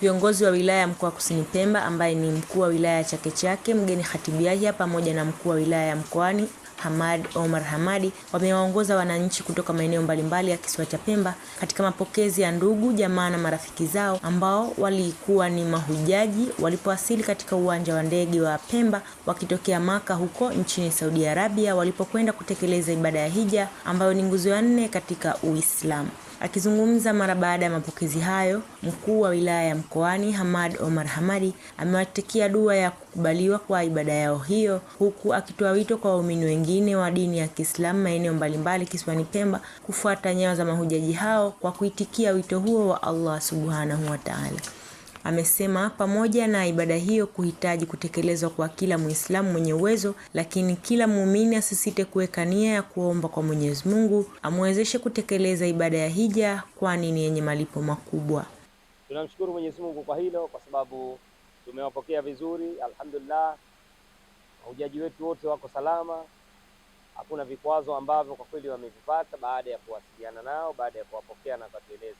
viongozi wa wilaya mkoa Kusini Pemba ambaye ni mkuu wa wilaya ya Chake Chake Mgeni Khatibu Yahya pamoja na mkuu wa wilaya ya Mkoani Hamad Omar Hamadi wamewaongoza wananchi kutoka maeneo mbalimbali ya kisiwa cha Pemba katika mapokezi ya ndugu jamaa na marafiki zao ambao walikuwa ni mahujaji walipowasili katika uwanja wa ndege wa Pemba wakitokea Maka huko nchini Saudi Arabia walipokwenda kutekeleza ibada ya hija ambayo ni nguzo ya nne katika Uislamu. Akizungumza mara baada ya mapokezi hayo, mkuu wa wilaya ya Mkoani Hamad Omar Hamadi amewatikia dua ya kukubaliwa kwa ibada yao hiyo, huku akitoa wito kwa waumini wengine wa dini ya Kiislamu maeneo mbalimbali kisiwani Pemba kufuata nyayo za mahujaji hao kwa kuitikia wito huo wa Allah subhanahu wa taala. Amesema pamoja na ibada hiyo kuhitaji kutekelezwa kwa kila Muislamu mwenye uwezo, lakini kila muumini asisite kuweka nia ya kuomba kwa Mwenyezi Mungu amwezeshe kutekeleza ibada ya hija, kwani ni yenye malipo makubwa. Tunamshukuru Mwenyezi Mungu kwa hilo, kwa sababu tumewapokea vizuri, alhamdulillah. wahujaji wetu wote wako salama, hakuna vikwazo ambavyo kwa kweli wamevipata baada ya kuwasiliana nao, baada ya kuwapokea na kuwatueleza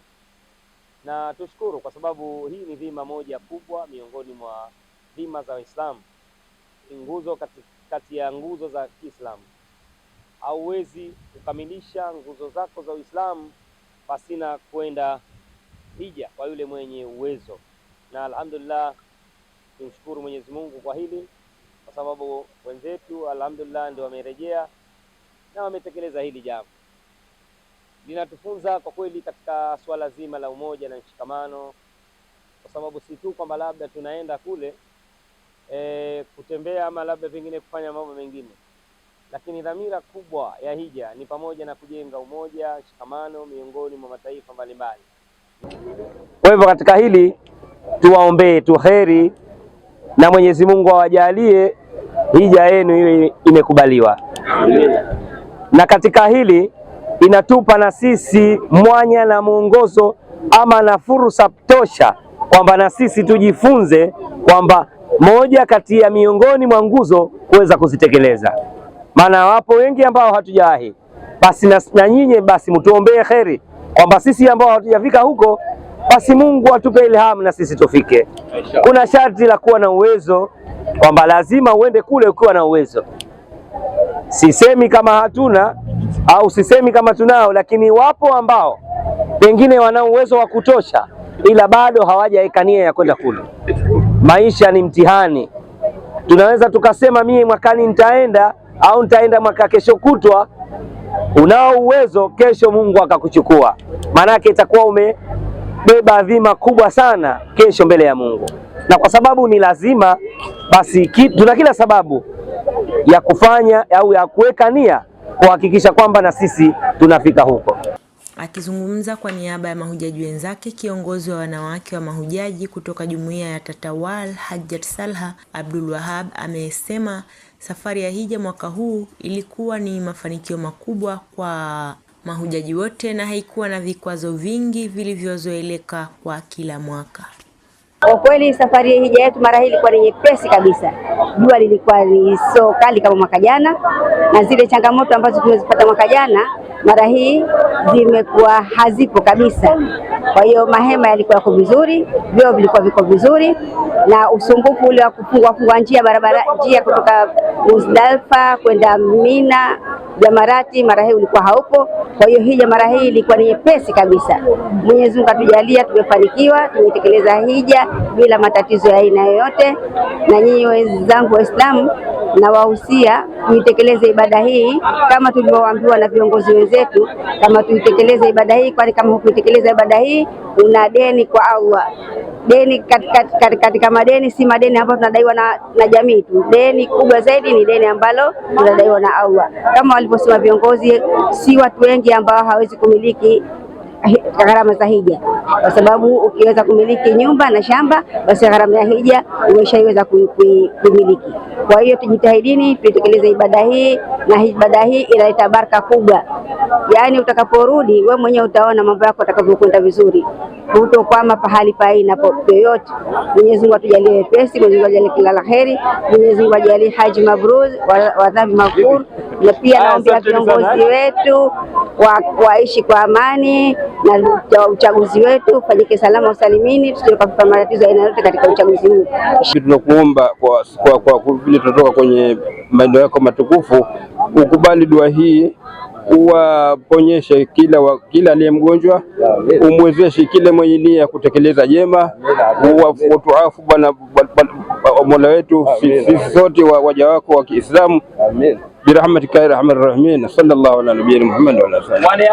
na tushukuru kwa sababu hii ni dhima moja kubwa miongoni mwa dhima za Waislamu, nguzo kati, kati ya nguzo za Kiislamu. Hauwezi kukamilisha nguzo zako za Uislamu pasina kwenda hija kwa yule mwenye uwezo, na alhamdulillah tumshukuru Mwenyezi Mungu kwa hili, kwa sababu wenzetu alhamdulillah ndio wamerejea na wametekeleza hili jambo linatufunza kwa kweli katika swala zima la umoja na mshikamano, kwa sababu si tu kwamba labda tunaenda kule e, kutembea ama labda pengine kufanya mambo mengine, lakini dhamira kubwa ya hija ni pamoja na kujenga umoja, mshikamano miongoni mwa mataifa mbalimbali. Kwa hivyo katika hili tuwaombee tu heri na Mwenyezi Mungu awajalie hija yenu iwe imekubaliwa, na katika hili inatupa na sisi mwanya na mwongozo ama na fursa tosha kwamba na sisi tujifunze kwamba moja kati ya miongoni mwa nguzo kuweza kuzitekeleza. Maana wapo wengi ambao hatujawahi, basi na, na nyinyi basi mtuombee kheri kwamba sisi ambao hatujafika huko basi Mungu atupe ilhamu na sisi tufike. Kuna sharti la kuwa na uwezo kwamba lazima uende kule ukiwa na uwezo. Sisemi kama hatuna au sisemi kama tunao, lakini wapo ambao pengine wana uwezo wa kutosha, ila bado hawajaweka nia ya kwenda kule. Maisha ni mtihani, tunaweza tukasema mie mwakani nitaenda au nitaenda mwaka kesho kutwa. Unao uwezo, kesho Mungu akakuchukua, maanake itakuwa umebeba dhima kubwa sana kesho mbele ya Mungu, na kwa sababu ni lazima, basi tuna kila sababu ya kufanya au ya kuweka nia kuhakikisha kwamba na sisi tunafika huko. Akizungumza kwa niaba ya mahujaji wenzake, kiongozi wa wanawake wa mahujaji kutoka jumuiya ya Tatawal Hajjat Salha Abdul Wahab amesema safari ya hija mwaka huu ilikuwa ni mafanikio makubwa kwa mahujaji wote na haikuwa na vikwazo vingi vilivyozoeleka kwa kila mwaka. Kwa kweli safari ya hija yetu mara hii ilikuwa ni nyepesi kabisa. Jua lilikuwa ni so kali kama mwaka jana, na zile changamoto ambazo tumezipata mwaka jana mara hii zimekuwa hazipo kabisa. Kwa hiyo mahema yalikuwa yako vizuri, vyoo vilikuwa viko vizuri, na usumbufu ule wa kufungwa fungwa njia barabara, njia kutoka Muzdalifa kwenda Mina Jamarati mara hii ulikuwa haupo. Kwa hiyo hija mara hii ilikuwa ni nyepesi kabisa. Mwenyezi Mungu atujalia, tumefanikiwa, tumetekeleza hija bila matatizo ya aina yoyote, na nyinyi wenzangu Waislamu nawahusia tuitekeleze ibada hii kama tulivyoambiwa na viongozi wenzetu, kama tuitekeleze ibada hii, kwani kama hukuitekeleza ibada hii una deni kwa Allah. Deni katika kat, kat, kat, madeni si madeni ambayo tunadaiwa na, na jamii tu. Deni kubwa zaidi ni deni ambalo tunadaiwa na Allah, kama walivyosema viongozi, si watu wengi ambao hawezi kumiliki gharama za hija, kwa sababu ukiweza kumiliki nyumba na shamba, basi gharama ya hija umeshaiweza kumiliki. Kwa hiyo tujitahidini, tuitekeleze ibada hii na ibada hii inaleta baraka kubwa, yaani utakaporudi we mwenyewe utaona mambo yako atakavyokwenda vizuri, hutokwama pahali pa aina yoyote. Mwenyezi Mungu atujalie wepesi, Mwenyezi Mungu ajalie kila la heri, Mwenyezi Mungu ajalie haji mabrur wa dhambi Na pia naombea viongozi wetu waishi kwa amani na uchaguzi wetu fanyike salama usalimini, tusipata matatizo aina yote katika uchaguzi huu. Tunakuomba kwa vile tunatoka kwenye maeneo yako matukufu ukubali dua hii, uwaponyeshe kila wa, kila aliye mgonjwa, umwezeshe kila mwenye nia ya kutekeleza jema, uwatuafu Bwana Mola wetu sisi sote waja wako wa Kiislamu, birahmatika ya arhamar rahimin. Sallallahu ala nabiyina Muhammad wa ala alihi.